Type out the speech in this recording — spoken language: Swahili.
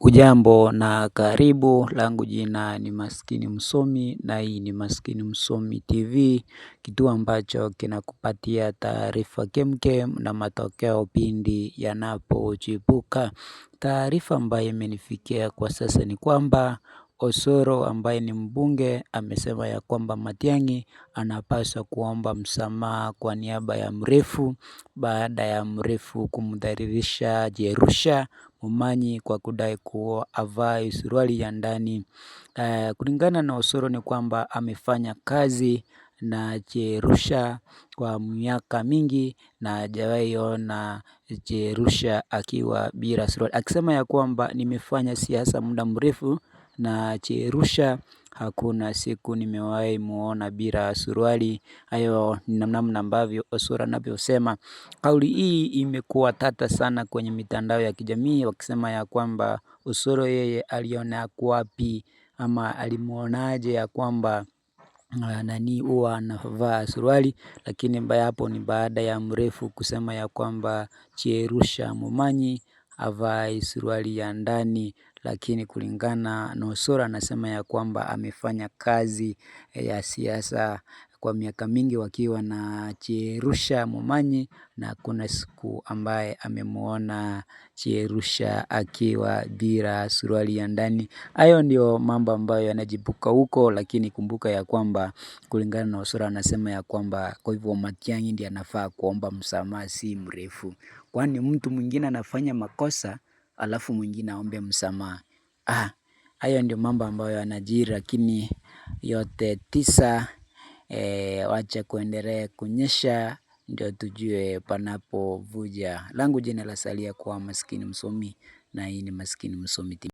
ujambo na karibu langu jina ni maskini msomi na hii ni maskini msomi tv kituo ambacho kinakupatia taarifa kemkem na matokeo pindi yanapochipuka. Taarifa ambayo imenifikia kwa sasa ni kwamba Osoro ambaye ni mbunge amesema ya kwamba Matiang'i anapaswa kuomba msamaha kwa niaba ya Mrefu baada ya Mrefu kumdhalilisha Jerusha Umanyi kwa kudai kuwa avai suruali ya ndani. Eh, Kulingana na Osoro ni kwamba amefanya kazi na Jerusha kwa miaka mingi na hajawahi ona Jerusha akiwa bila suruali. Akisema ya kwamba nimefanya siasa muda mrefu na Jerusha. Hakuna siku nimewahi muona bila suruali. Hayo ni namna ambavyo Osura anavyosema. Kauli hii imekuwa tata sana kwenye mitandao ya kijamii wakisema ya kwamba Osoro yeye aliona kuapi ama alimuonaje ya kwamba ah, nani huwa anavaa suruali, lakini hapo ni baada ya mrefu kusema ya kwamba Chierusha mumanyi avae suruali ya ndani lakini kulingana na Osoro anasema ya kwamba amefanya kazi eh, ya siasa kwa miaka mingi wakiwa na chierusha Momanyi na kuna siku ambaye amemuona chierusha akiwa bila suruali ya ndani. Hayo ndio mambo ambayo yanajibuka huko lakini kumbuka ya kwamba kulingana na usura anasema ya kwamba kwa hivyo Matiang'i ndiye anafaa kuomba msamaha si mrefu. Kwani mtu mwingine anafanya makosa alafu mwingine aombe msamaha. Ah, hayo ndio mambo ambayo yanajiri lakini yote tisa Eh, wache kuendelea kunyesha ndio tujue panapovuja. Langu jina la salia kuwa maskini msomi na hii ni Maskini Msomi.